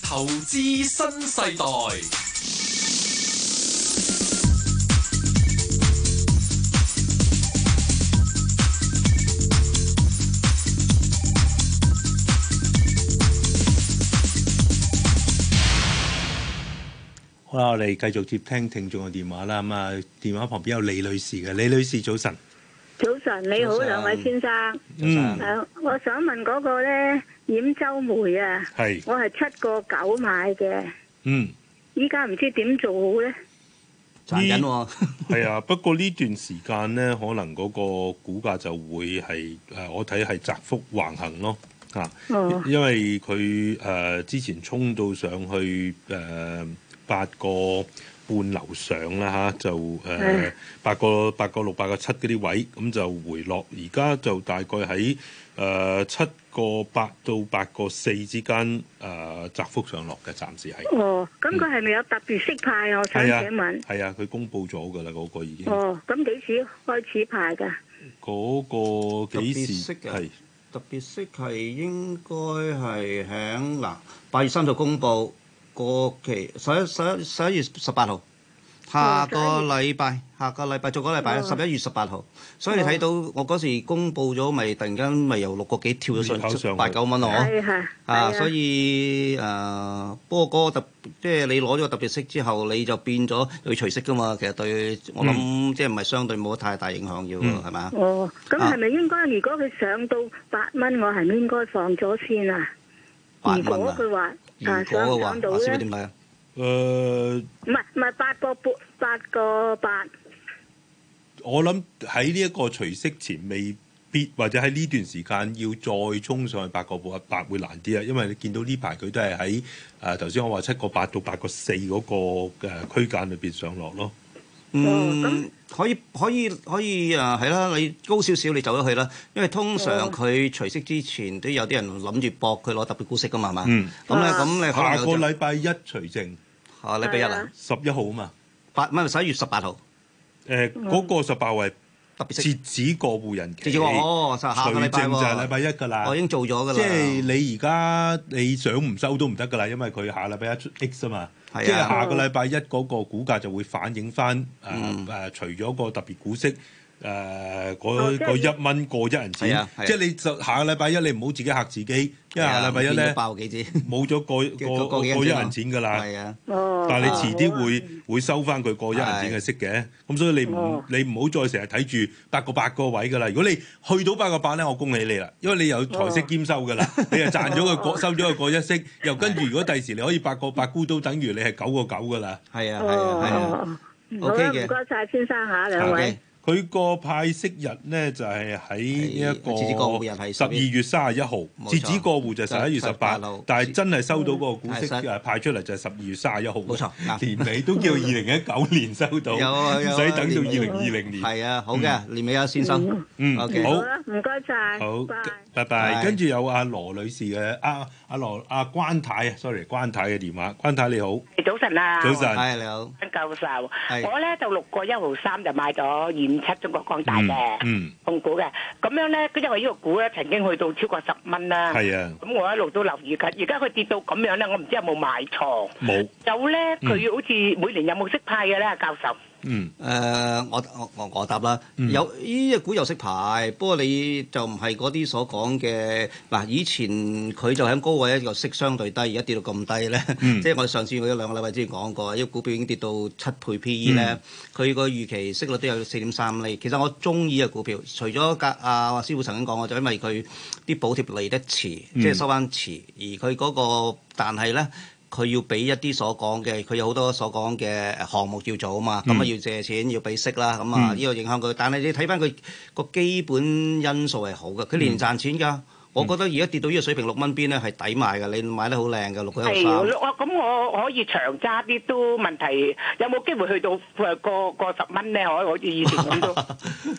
投資新世代。好啦，我哋繼續接聽聽眾嘅電話啦。咁啊，電話旁邊有李女士嘅，李女士，早晨。早晨，你好，上兩位先生。嗯、呃，我想問嗰個咧，兗州煤啊，是我係七個九買嘅。嗯，依家唔知點做好咧？賺緊喎，係這 啊，不過呢段時間咧，可能嗰個股價就會係誒，我睇係窄幅橫行咯。嚇、啊，哦、因為佢誒、呃、之前衝到上去誒、呃、八個。半樓上啦嚇，就誒、呃、的八個八個六八個七嗰啲位，咁、嗯、就回落。而家就大概喺誒、呃、七個八到八個四之間誒窄、呃、幅上落嘅，暫時係。哦，咁佢係咪有特別息派啊？我想問。係啊，佢公布咗㗎啦，嗰個已經。哦，咁幾時開始派㗎？嗰個幾時息？特別息係的應該係喺嗱八月三號公布。過期十一十一十一月十八號，下個禮拜下個禮拜再個禮拜十一、哦、月十八號，哦、所以你睇到我嗰時公布咗，咪突然間咪由六個幾跳咗上八九蚊咯，啊，所以誒，不過嗰個特即係你攞咗個特別息之後，你就變咗要除息噶嘛。其實對我諗、嗯、即係唔係相對冇太大影響要係嘛？嗯、吧哦，咁係咪應該？如果佢上到八蚊，我係咪應該放咗先啊？元如果佢話。如果嘅話，係咪點解啊？誒，唔係唔係八個八八個八。我諗喺呢一個除息前未必，或者喺呢段時間要再衝上去八個八八會難啲啊！因為你見到呢排佢都係喺誒，啊，頭先我話七個八到八個四嗰個嘅區間裏邊上落咯。嗯,嗯可，可以可以可以啊，係啦，你高少少你走咗去啦，因為通常佢除息之前都有啲人諗住博佢攞特別股息噶嘛，係嘛？嗯，咁咧咁你下個、啊、禮拜一除正，下禮拜一啊，十一號嘛，八唔係十一月十八號。誒，嗰個十八係特別息，截止過戶人期。截止話哦，就下個禮拜就禮拜一噶啦，我已經做咗噶啦。即係你而家你想唔收都唔得噶啦，因為佢下禮拜一出息啊嘛。即係下個禮拜一嗰個，個股價就會反映返，誒、呃、誒，嗯、除咗個特別股息。誒，嗰嗰一蚊個一人錢，即係你就下個禮拜一，你唔好自己嚇自己。因為下個禮拜一咧，爆幾支，冇咗個個個一人錢噶啦。但係你遲啲會會收翻佢個一人錢嘅息嘅。咁所以你唔你唔好再成日睇住八個八個位噶啦。如果你去到八個八咧，我恭喜你啦，因為你有財息兼收噶啦。你又賺咗佢過收咗佢過一息，又跟住如果第時你可以八個八沽都等於你係九個九噶啦。係啊，係啊，係啊。好嘅，唔該曬先生下兩位。佢個派息日咧就係喺呢個十二月三十一號，截止過戶就十一月十八號。但係真係收到個股息誒派出嚟就係十二月三十一號。冇錯，年尾都叫二零一九年收到，唔使等到二零二零年。係啊，好嘅，年尾啊先生。嗯，好，唔該曬，好，拜拜。跟住有阿羅女士嘅，阿阿羅阿關太，sorry，關太嘅電話。關太你好，早晨啊，早晨，你好，關教授。我咧就六個一毫三就買咗二五七中國廣大嘅，嗯，控股嘅，咁樣咧，佢因為呢個股咧曾經去到超過十蚊啦，係啊，咁我一路都留意緊，而家佢跌到咁樣咧，我唔知有冇買錯。冇沒，有咧，佢好似每年有冇息派嘅咧，教授？嗯，誒、uh, 我我我答啦，嗯、有呢隻、這個、股又識排，不過你就唔係嗰啲所講嘅，嗱以前佢就喺高位一個息相對低，而家跌到咁低咧，即係、嗯、 我哋上次我一兩個禮拜之前講過，依、這個股票已經跌到七倍 P E 咧、嗯，佢個預期息率都有四點三厘，其實我中意嘅股票，除咗格阿師傅曾經講過就因為佢啲補貼嚟得遲，即係、嗯、收翻遲，而佢嗰、那個，但係咧。佢要俾一啲所講嘅，佢有好多所講嘅項目要做啊嘛，咁啊、嗯、要借錢要俾息啦，咁啊呢個影響佢。但係你睇翻佢個基本因素係好嘅，佢連賺錢㗎。嗯我覺得而家跌到呢個水平六蚊邊咧，係抵買㗎，你買得好靚㗎，六蚊一三。係六啊，咁我可以長揸，啲都問題，有冇機會去到誒過過十蚊咧？可好似以前咁多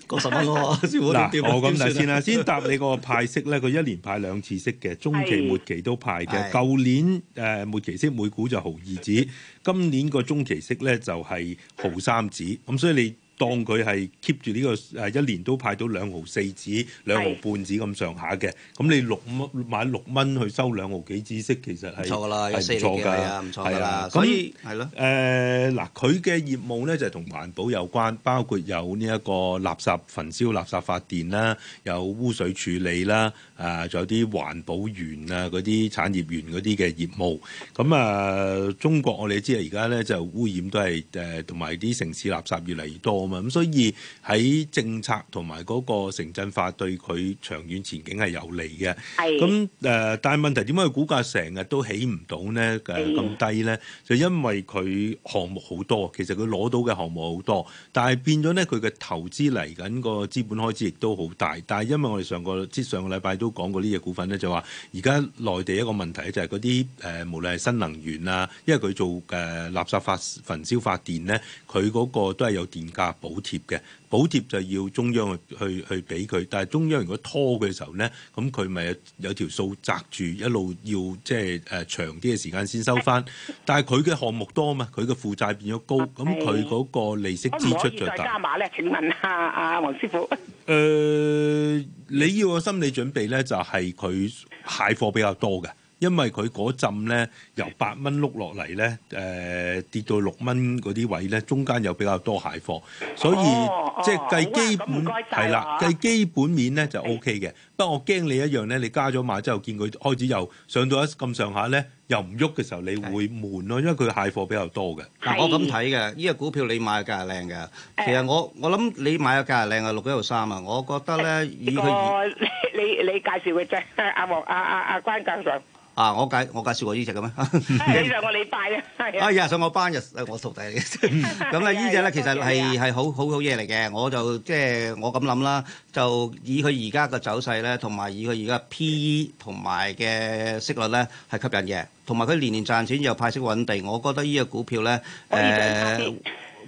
過十蚊咯，師傅。嗱，我咁嚟先啦，先答你個派息咧，佢一年派兩次息嘅，中期末期都派嘅。舊年誒末期息每股就毫二子，今年個中期息咧就係毫三子，咁所以你。當佢係 keep 住呢個誒一年都派到兩毫四紙、兩毫半紙咁上下嘅，咁的你六蚊買六蚊去收兩毫幾紙息，其實係錯啦，唔錯㗎，係啊，唔錯㗎啦。的所以係咯，誒嗱的，佢嘅、呃、業務咧就係、是、同環保有關，包括有呢一個垃圾焚燒、垃圾發電啦，有污水處理啦，誒、呃、仲有啲環保園啊、嗰啲產業園嗰啲嘅業務。咁、嗯、啊、呃，中國我哋知啊，而家咧就污染都係誒，同埋啲城市垃圾越嚟越多。咁所以喺政策同埋嗰個城鎮化對佢長遠前景係有利嘅。係咁誒，但係問題點解佢股價成日都起唔到呢？誒咁、呃嗯、低咧，就因為佢項目好多，其實佢攞到嘅項目好多，但係變咗咧，佢嘅投資嚟緊個資本開支亦都好大。但係因為我哋上個即上個禮拜都講過呢隻股份咧，就話而家內地一個問題就係嗰啲誒，無論係新能源啊，因為佢做誒垃圾發焚燒發電咧，佢嗰個都係有電價。補貼嘅補貼就要中央去去俾佢，但係中央如果拖嘅時候咧，咁佢咪有條數擳住一路要即係誒長啲嘅時間先收翻。是但係佢嘅項目多啊嘛，佢嘅負債變咗高，咁佢嗰個利息支出就大。我唔可以再加碼咧？請問下阿、啊、黃師傅。誒、呃，你要嘅心理準備咧，就係佢蟹貨比較多嘅。因為佢嗰陣咧由八蚊碌落嚟咧，誒跌到六蚊嗰啲位咧，中間又比較多蟹貨，所以即係計基本係啦，計基本面咧就 O K 嘅。不過我驚你一樣咧，你加咗碼之後，見佢開始又上到一咁上下咧，又唔喐嘅時候，你會悶咯，因為佢蟹貨比較多嘅。嗱，我咁睇嘅，依個股票你買嘅價係靚嘅。其實我我諗你買嘅價係靚嘅六一六三啊，我覺得咧以佢二，你你你介紹嘅啫，阿黃阿阿阿關教授。啊！我介我介紹過呢隻嘅咩？兩個禮拜啊！哎呀、啊啊，上我班日、啊，我徒弟嚟嘅。咁啊 呢，呢隻咧其實係係好好好嘢嚟嘅。我就即係我咁諗啦，就以佢而家嘅走勢咧，同埋以佢而家 P E 同埋嘅息率咧係吸引嘅。同埋佢年年賺錢又派息穩定，我覺得呢隻股票咧誒。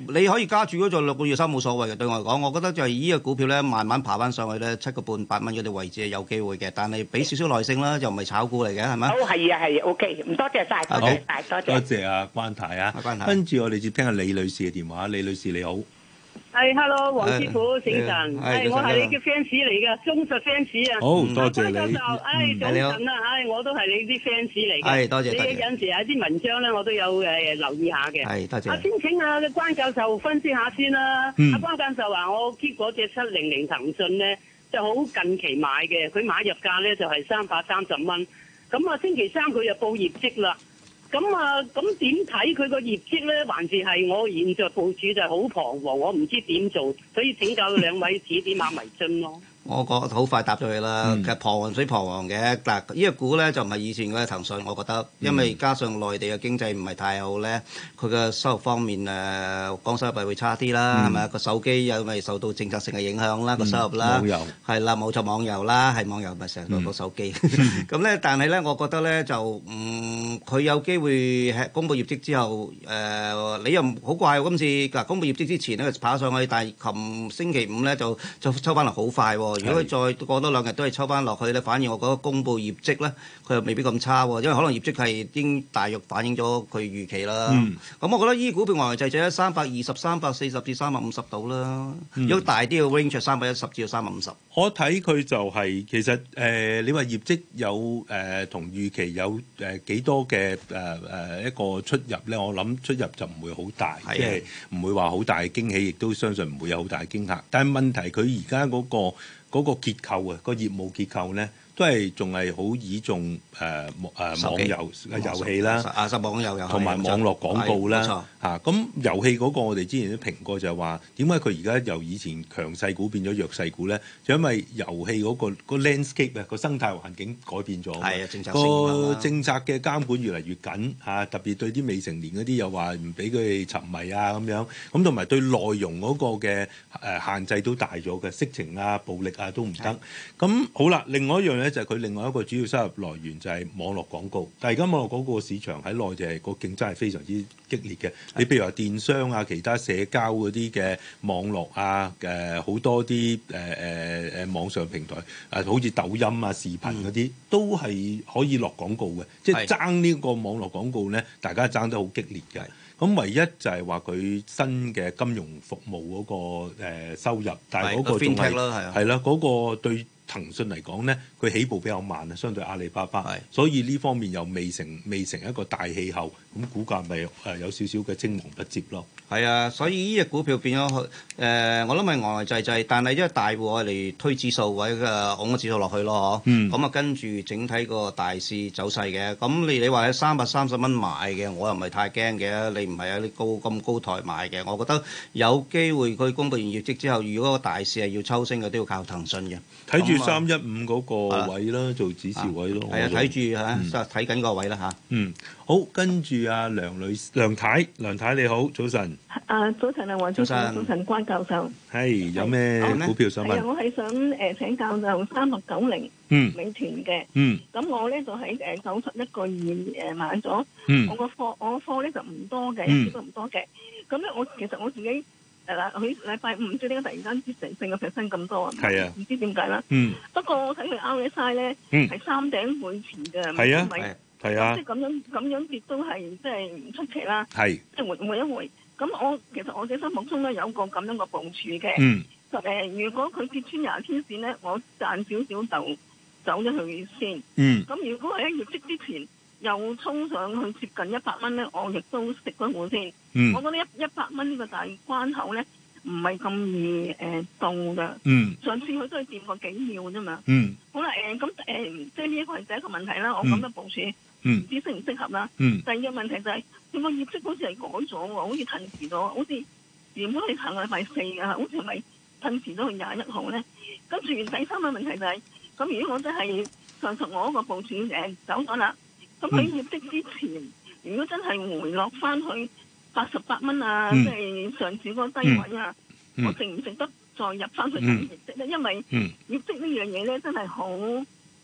你可以加住嗰座六個月三冇所謂嘅，對我嚟講，我覺得就係依個股票咧，慢慢爬翻上去咧，七個半八蚊嗰啲位置係有機會嘅，但係俾少少耐性啦，就唔係炒股嚟嘅，係咪？好，係啊，係，OK，唔多謝晒，多謝，多謝，多謝啊，關太啊，關太，跟住我哋接聽下李女士嘅電話，李女士你好。係，hello，王師傅，早晨。係，我係你嘅 fans 嚟嘅，忠實 fans 啊。好，多謝你。關教授，唉，早晨啦，唉，我都係你啲 fans 嚟嘅。係，多謝。你嘅有時係啲文章咧，我都有誒留意下嘅。係，多謝。阿先請阿關教授分析下先啦。嗯。阿關教授話：我結果隻七零零騰訊咧，就好近期買嘅，佢買入價咧就係三百三十蚊。咁啊，星期三佢就報業績啦。咁啊，咁點睇佢個業績咧？還是係我現在部署就係好彷徨，我唔知點做，所以請教兩位指點下迷津咯。我覺得好快搭咗佢啦，其實彷徨水彷徨嘅，嗱呢個股咧就唔係以前嘅騰訊，我覺得，因為加上內地嘅經濟唔係太好咧，佢嘅收入方面誒，講收入會差啲啦，係咪啊？個手機有咪受到政策性嘅影響啦，個收入啦，冇遊係啦，冇錯網遊啦，係網遊咪成個個手機。咁咧，但係咧，我覺得咧就嗯，佢有機會係公布業績之後，誒你又好怪今次嗱，公布業績之前咧佢爬咗上去，但係琴星期五咧就就抽翻嚟好快喎。如果佢再過多兩日都係抽翻落去咧，反而我覺得公布業績咧，佢又未必咁差喎，因為可能業績係已經大約反映咗佢預期啦。咁、嗯、我覺得依股票橫行就喺三百二十三百四十至三百五十度啦。有、嗯、大啲嘅 range，三百一十至到三百五十。我睇佢就係、是、其實誒、呃，你話業績有誒同、呃、預期有誒、呃、幾多嘅誒誒一個出入咧？我諗出入就唔會好大，即係唔會話好大嘅驚喜，亦都相信唔會有好大嘅驚嚇。但係問題佢而家嗰個。嗰個結構啊，個業務結構咧。都係仲係好倚重誒誒網遊啊遊戲啦，啊，網遊遊戲同埋網絡廣告啦吓，咁遊戲嗰個我哋之前都評過，就係話點解佢而家由以前強勢股變咗弱勢股咧？就因為遊戲嗰個個 landscape 啊，個生態環境改變咗，係啊，政策嘅監管越嚟越緊嚇，特別對啲未成年嗰啲，又話唔俾佢沉迷啊咁樣，咁同埋對內容嗰個嘅誒限制都大咗嘅，色情啊、暴力啊都唔得。咁對好啦，另外一樣。就係佢另外一個主要收入來源就係網絡廣告，但係而家網絡廣告市場喺內地個競爭係非常之激烈嘅。你譬如話電商啊、其他社交嗰啲嘅網絡啊、誒、呃、好多啲誒誒誒網上平台啊，呃、好似抖音啊、視頻嗰啲，都係可以落廣告嘅，即係爭呢個網絡廣告咧，大家爭得好激烈嘅。咁唯一就係話，佢新嘅金融服務嗰、嗰個、誒、呃、收入，但係嗰個仲係係啦，嗰個對，騰訊嚟講咧，佢起步比較慢啊，相對阿里巴巴，係，所以呢方面又未成未成一個大氣候，咁股價咪誒、啊、有少少嘅青黃不接咯。係啊，所以呢隻股票變咗誒、呃，我諗咪呆滯滯，但係因為大戶我嚟推指數位，誒按個指數落去咯，咁啊跟住整體個大市走勢嘅。咁你你話喺三百三十蚊買嘅，我又唔係太驚嘅。你唔係喺啲高咁高台買嘅，我覺得有機會佢公布完業績之後，如果個大市係要抽升嘅，都要靠騰訊嘅。睇住。三一五嗰個位啦，做指示位咯。係啊，睇住吓，睇緊、嗯、個位啦吓。嗯，好，跟住阿梁女梁太、梁太你好，早晨。啊，早晨啊，黃總，早晨啊黃晨，早晨關教授。係，hey, 有咩股票 hey, 想問？係啊，我係想誒請教就三六九零，嗯，美團嘅，就是、嗯，咁我咧就喺誒九十一個月誒買咗，我個貨我個貨咧就唔多嘅，唔多唔多嘅，咁咧我其實我自己。係啦，佢禮拜五唔知點解突然間跌成勝個 percent 咁多啊？唔知點解啦。不過、嗯、我睇佢 RSI 咧，係、嗯、三頂背馳嘅。係啊，係是啊。即係咁樣咁樣跌都係即係唔出奇啦。係是。即係每每一回。咁我其實我喺心目中咧有一個咁樣嘅部署嘅。嗯。就誒，如果佢跌穿廿天線咧，我賺少少，少就走咗去先。嗯。咁如果係喺月績之前。 又衝上去接近一百蚊咧，我亦都食咗股先。嗯、我覺得一一百蚊呢個大關口咧，唔係咁易誒、呃、到㗎。嗯、上次佢都係掂過幾秒啫嘛。嗯、好啦誒，咁、呃、誒、呃呃、即係呢一個係第一個問題啦。我咁嘅部署，唔知適唔適合啦。嗯嗯、第二個問題就係、是，佢個業績好似係改咗喎，好似褪遲咗，好似原本你行禮拜四嘅，好似咪褪遲咗去廿一號咧。咁住完第三個問題就係、是，咁如果我真係上述我嗰個部署誒走咗啦。咁喺業績之前，如果真係回落翻去八十八蚊啊，即係上次嗰個低位啊，我值唔值得再入翻去睇業績咧？因為業績呢樣嘢咧真係好，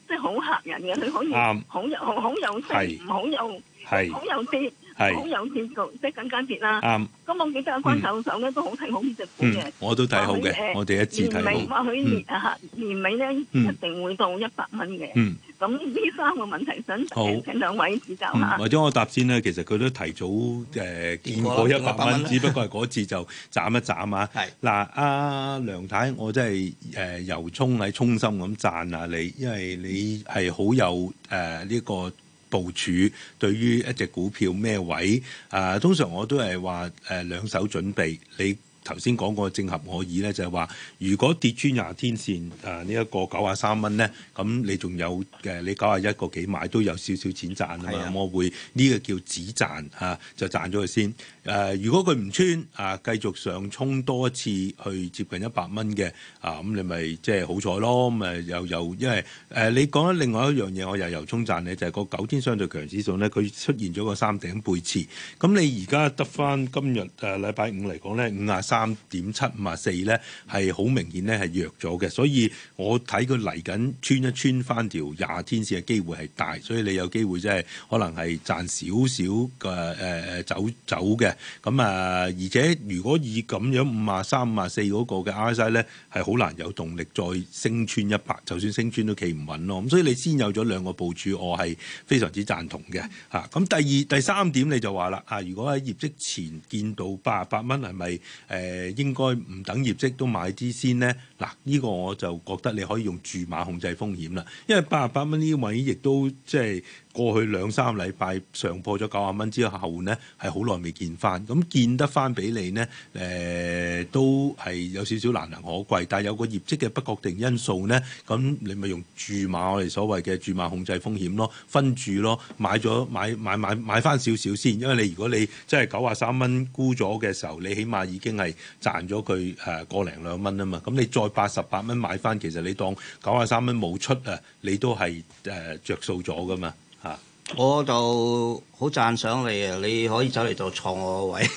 即係好嚇人嘅，佢可以好有好有升，好有好有跌，好有跳動，即係更加跌啦。咁我記得阿關手手咧都好睇好直股嘅，我都睇好嘅，我哋一致睇好。年尾或許啊，年尾咧一定會到一百蚊嘅。咁呢三個問題想請兩位解答啦。或者我先答先咧，其實佢都提早誒、呃、見過一百蚊，只不過係嗰次就斬一斬一是啊。係，嗱，阿梁太，我真係誒、呃、由衷喺衷心咁讚下你，因為你係好有誒呢、呃呢個部署對於一隻股票咩位啊、呃，通常我都係話誒兩手準備你。頭先講過正合我意咧，就係、是、話如果跌穿廿天線啊、這個、呢一個九十三蚊咧，咁你仲有誒你九十一個幾買都有少少錢賺啊嘛，啊我會呢、這個叫止賺啊，就賺咗佢先。誒、啊，如果佢唔穿啊，繼續上衝多一次去接近一百蚊嘅啊，咁、嗯、你咪即係好彩咯，咁誒又有因為誒、啊、你講咗另外一樣嘢，我又由衝賺你就係個九天相對強指數咧，佢出現咗個三頂背馳，咁你而家得返今日誒禮拜五嚟講咧，五啊。三點七五啊四咧，係好明顯咧係弱咗嘅，所以我睇佢嚟緊穿一穿翻條廿天線嘅機會係大，所以你有機會即係可能係賺少少嘅誒誒走走嘅，咁、呃、啊而且如果以咁樣五啊三啊四嗰個嘅 RSI 咧係好難有動力再升穿一百，就算升穿都企唔穩咯，咁所以你先有咗兩個部署，我係非常之贊同嘅嚇。咁、啊嗯、第二第三點你就話啦啊，如果喺業績前見到八十八蚊係咪誒？呃誒應該唔等業績都買啲先呢。嗱、這、呢個我就覺得你可以用注碼控制風險啦，因為八十八蚊呢位亦都即係過去兩三個禮拜上破咗九啊蚊之後呢，係好耐未見翻，咁、嗯、見得翻俾你呢，誒、呃、都係有少少難能可貴，但係有個業績嘅不確定因素呢，咁你咪用注碼我哋所謂嘅注碼控制風險咯，分注咯，買咗買買買買翻少少先，因為你如果你即係九啊三蚊沽咗嘅時候，你起碼已經係。賺咗佢誒、個零兩蚊啊嘛，咁你再八十八蚊買翻，其實你當九廿三蚊冇出啊，你都係誒、着數咗噶嘛吓，我就好讚賞你啊，你可以走嚟、 嗯、就，就坐我個位，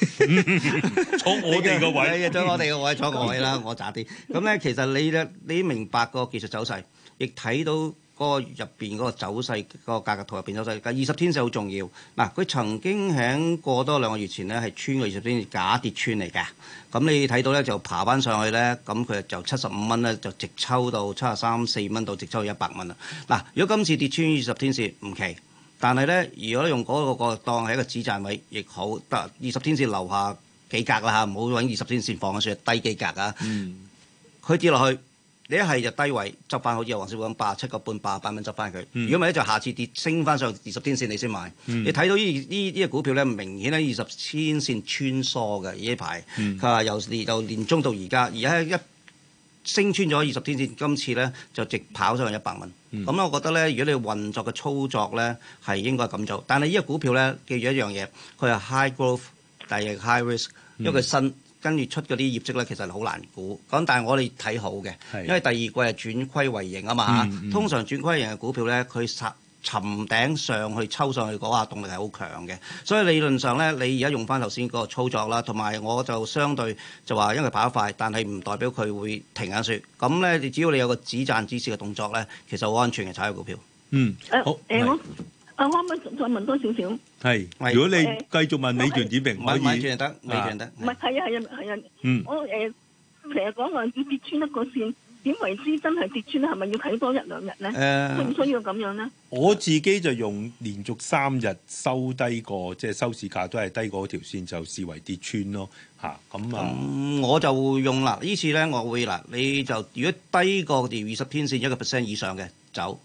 坐我哋個位，坐、嗯、我哋個位，坐個位啦，我渣啲。咁咧，其實你咧，你明白個技術走勢，亦睇到。個入邊嗰個走勢，嗰個價格圖入邊走勢，二十天線好重要。嗱，佢曾經喺過多兩個月前咧，係穿過二十天線假跌穿嚟嘅。咁你睇到咧就爬翻上去咧，咁佢就七十五蚊咧就直抽到七十三四蚊到直抽到一百蚊啦。嗱，如果今次跌穿二十天線唔奇，但係咧如果用嗰個當係一個支撐位，亦好得二十天線留下幾格啦嚇，唔好揾二十天線放上去，低幾格啊。嗯，佢跌落去。你一係就低位執翻，好似阿黃少華咁，八七個半、八百蚊執翻佢。如果唔係咧，就下次跌升翻上二十天線，你先買。嗯、你睇到呢呢呢個股票咧，明顯咧二十天線穿梭嘅呢一排，啊由年由年中到而家，而家一升穿咗二十天線，今次咧就直跑上去一百蚊。咁、嗯、我覺得咧，如果你運作嘅操作咧係應該咁做，但係呢個股票咧記住一樣嘢，佢係 high growth，但係 high risk，因為新。新新跟住出嗰啲業績呢，其實好難估咁，但係我哋睇好嘅，因為第二季係轉虧為盈啊嘛。通常轉虧為盈嘅股票呢，佢沉沉頂上去抽上去嗰下動力係好強嘅，所以理論上呢，你而家用翻頭先個操作啦，同埋我就相對就話因為跑得快，但係唔代表佢會停緊雪咁呢，你只要你有個止賺止蝕嘅動作呢，其實好安全嘅，炒嘅股票嗯好。嗯啊！我唔好再問多少少。係，如果你繼續問，美團點評可以，美團得，美團得。唔係，係啊，係啊，係啊。我誒成日講話要跌穿一個線，點為之真係跌穿咧？係咪要睇多一兩日咧？需唔需要咁樣咧？我自己就用連續三日收低過，即係收市價都係低過條線，就視為跌穿咯。嚇，咁啊。咁我就用啦。呢次咧，我會啦。你就如果低過條二十天線一個 percent 以上嘅，走。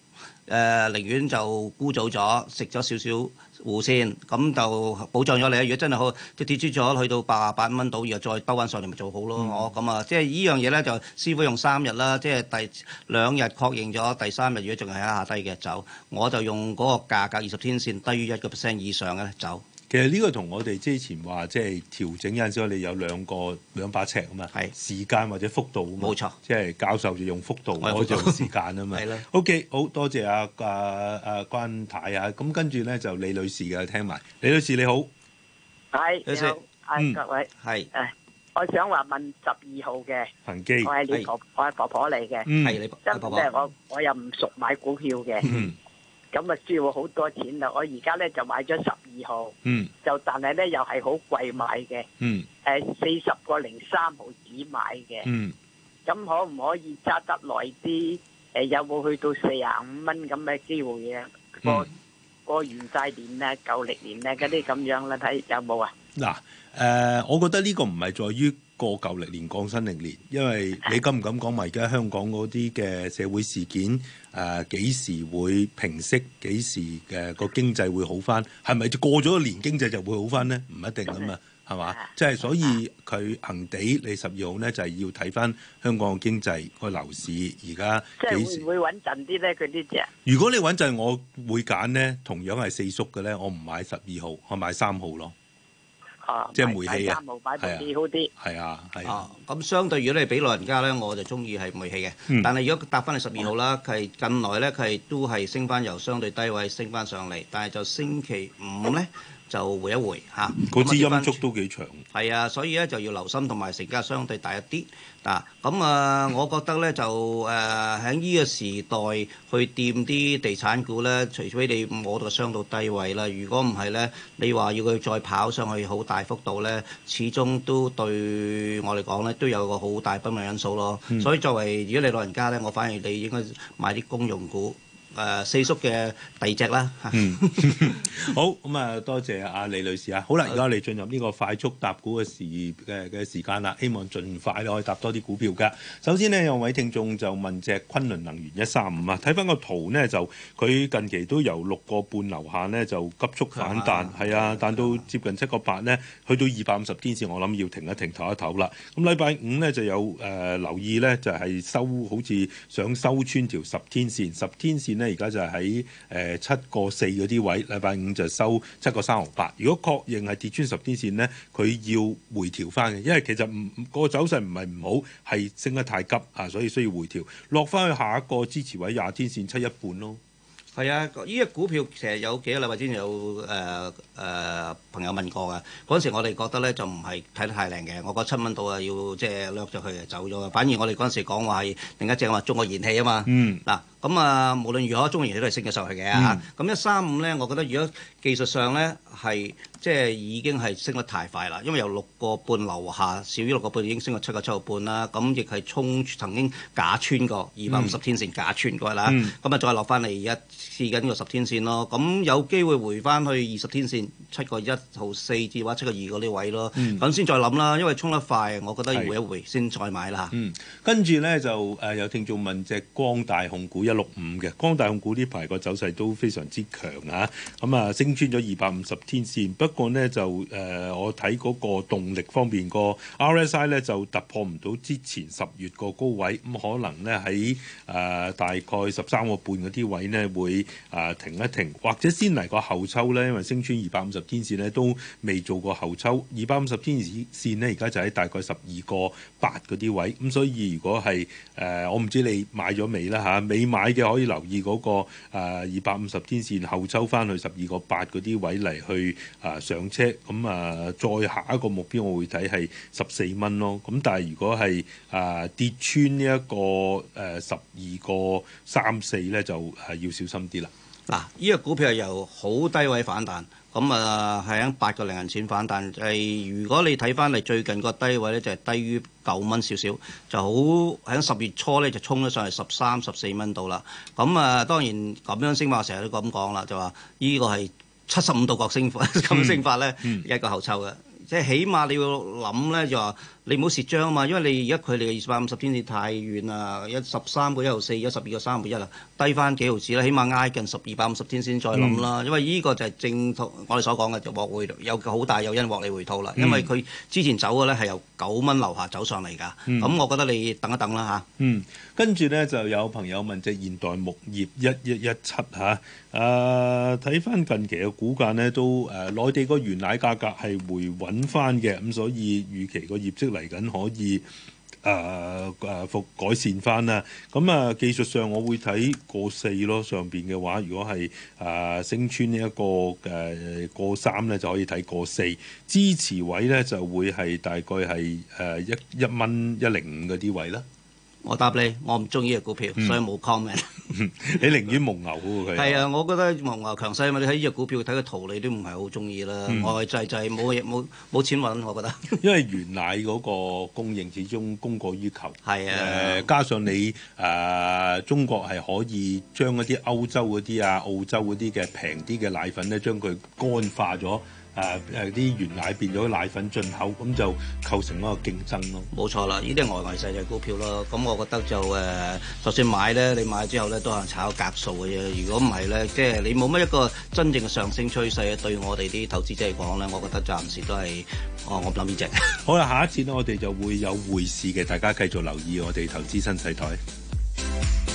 誒、呃、寧願就沽早咗，食咗少少糊先，咁就保障咗你。如果真係好，即跌出咗去到八啊八蚊度，若再兜翻上嚟，咪做好咯。我咁、嗯、啊，即係依樣嘢咧，就師傅用三日啦，即係第兩日確認咗，第三日如果仲係下低嘅走，我就用嗰個價格二十天線低於一個 percent 以上咧走。其實呢個同我哋之前話即係調整嗰陣時，我哋有兩個兩把尺啊嘛，係，時間或者幅度冇錯，即係教授就用幅度，我就用時間啊嘛。係啦，OK，好多謝阿阿阿關太啊！咁跟住咧就李女士嘅聽埋，李女士你好，係，你好，各位，係，誒，我想話問十二號嘅恒基，我係你婆，我係婆婆嚟嘅，嗯，真係我我又唔熟買股票嘅，嗯。咁啊，需要好多錢啦！我而家咧就買咗十二號，嗯、就但係咧又係好貴買嘅，誒四十個零三毫紙買嘅，咁、嗯、可唔可以揸得耐啲？誒、呃、有冇去到四十五蚊咁嘅機會咧？過、嗯、過完晒年咧、舊歷年咧嗰啲咁樣啦，睇有冇啊？嗱，誒，我覺得呢個唔係在於，過舊歷年連降新歷年，因為你敢唔敢講埋而家香港嗰啲嘅社會事件誒幾、呃、時會平息，幾時嘅個經濟會好翻？係咪就過咗個年經濟就會好翻呢？唔一定啊嘛，係嘛的？即係吧所以佢恆地你十二號呢，就係、是、要睇翻香港嘅經濟個樓市而家幾時會，會穩陣啲呢？佢呢隻如果你穩陣，我會揀呢同樣係四叔嘅呢，我唔買十二號，我買三號咯。即係煤氣啊，冇擺好啲。係啊，係啊，咁、啊啊啊、相對如果你俾老人家咧，我就中意係煤氣嘅。嗯、但係如果搭翻你十二號啦，佢係、嗯、近來咧，佢係都係升翻由相對低位升翻上嚟，但係就星期五咧。嗯就回一回嚇，嗰、啊、支陰燭、啊、都幾長。係啊，所以咧就要留心，同埋成家相對大一啲嗱，咁啊，啊，我覺得咧就誒喺呢個時代去掂啲地產股咧，除非你摸到個相對低位啦。如果唔係咧，你話要佢再跑上去好大幅度咧，始終都對我嚟講咧都有個好大風險因素咯。嗯、所以作為如果你老人家咧，我反而你應該買啲公用股。誒、呃、四叔嘅第二隻啦，嗯，好咁啊， 多謝阿、啊、李女士啊，好啦，而家嚟進入呢個快速答股嘅時嘅嘅時間啦，希望盡快咧可以答多啲股票嘅。首先呢，有位聽眾就問隻昆侖能源一三五啊，睇返個圖呢，就佢近期都由六個半樓下呢，就急速反彈，係啊，彈到、啊、接近七個八呢，去到二百五十天線，我諗要停一停，唞一唞啦。咁禮拜五呢，就有誒、呃、留意呢，就係、是、收好似想收穿條十天線，十天線。咧而家就喺誒七個四嗰啲位，禮拜五就收七個三毫八。如果確認係跌穿十天線呢，佢要回調翻嘅，因為其實嗰個走勢唔係唔好，係升得太急啊，所以需要回調落翻去下一個支持位廿天線七一半咯。係啊，呢個股票其實有幾個禮拜之前有誒誒、呃呃、朋友問過嘅，嗰時我哋覺得咧就唔係睇得太靚嘅，我覺得七蚊到啊要即係掠咗佢就走咗，反而我哋嗰陣時講話係另一隻話中國燃氣啊嘛，嗱咁、嗯、啊，無論如何，中國燃氣都係升嘅勢勢嘅嚇，咁一三五咧，我覺得如果技術上咧係。即係已經係升得太快啦，因為由六個半樓下少於六個半已經升到七個七毫半啦，咁亦係衝曾經假穿過二百五十天線，假穿過啦，咁啊、嗯、再落翻嚟，而家試緊個十天線咯。咁有機會回翻去二十天線七個一毫四至或七個二嗰啲位咯，咁先、嗯、再諗啦。因為衝得快，我覺得要回一回先再買啦、嗯。跟住呢，就誒有、呃、聽眾問隻光大控股一六五嘅，光大控股呢排個走勢都非常之強啊，咁啊、啊升穿咗二百五十天線不過呢，就誒、呃，我睇嗰個動力方面、個 RSI 呢，就突破唔到之前十月個高位，咁、嗯、可能呢，喺誒、呃、大概十三個半嗰啲位呢，會誒、呃、停一停，或者先嚟個後抽呢。因為升穿二百五十天線呢，都未做過後抽，二百五十天線呢，而家就喺大概十二個八嗰啲位，咁、嗯、所以如果係誒、呃，我唔知你買咗未啦嚇，未、啊、買嘅可以留意嗰、個二百五十天線後抽翻去十二個八嗰啲位嚟去誒。呃上車咁啊，再下一個目標，我會睇係十四蚊咯。咁但係如果係啊、呃、跌穿呢、這、一個誒十二個三四咧，呃、3, 4, 就係要小心啲啦。嗱、啊，呢、這個股票由好低位反彈，咁啊係喺八個零銀錢反彈。係、就是、如果你睇翻嚟最近個低位咧，就係、是、低於九蚊少少，就好喺十月初咧就衝得上係十三、十四蚊度啦。咁、呃、啊當然咁樣升嘛，成日都咁講啦，就話呢、這個係。七十五度角升咁升法咧，嗯，一個後抽嘅，即係起碼你要諗咧就話。你唔好蝕張啊嘛，因為你而家佢距離嘅二百五十天線太遠啦、啊，一十三個一毫四，一十二個三個一啦，低翻幾毫子咧，起碼挨近十二百五十天先再諗啦。嗯、因為呢個就係正套，我哋所講嘅就會有好大有因獲利回吐啦。因為佢之前走嘅咧係由九蚊樓下走上嚟㗎，咁、嗯、我覺得你等一等啦嚇。嗯，跟住咧就有朋友問即係現代牧業一一一七嚇，誒睇翻近期嘅股價呢，都誒、啊、內地個原奶價格係回穩翻嘅，咁所以預期個業績嚟。嚟緊可以誒誒、呃、復改善翻啦，咁啊技術上我會睇過四咯，上邊嘅話如果係誒、呃、升穿呢、呢、一個誒、呃、過三咧就可以睇過四，支持位咧就會係大概係誒一一蚊一零五嗰啲位啦。我答你，我唔中意呢隻股票，嗯、所以冇 comment。 你寧願蒙牛好過佢。係啊，我覺得蒙牛強勢啊嘛！你睇呢隻股票睇個圖，你都唔係好中意啦。外在、嗯、就係冇嘢，冇冇錢揾，我覺得。因為原奶嗰個供應始終供過於求。係啊，呃、啊加上你誒、呃、中國係可以將一啲歐洲嗰啲啊、澳洲嗰啲嘅平啲嘅奶粉咧，將佢乾化咗。誒誒啲原奶變咗奶粉進口，咁就構成一個競爭咯。冇錯啦，呢啲係外圍細細股票咯。咁我覺得就誒，就、呃、算買咧，你買之後咧都係炒格數嘅啫。如果唔係咧，即係你冇乜一個真正嘅上升趨勢，對我哋啲投資者嚟講咧，我覺得暫時都係哦、呃，我唔諗呢隻。好啦，下一次咧，我哋就會有匯市嘅，大家繼續留意我哋投資新世台。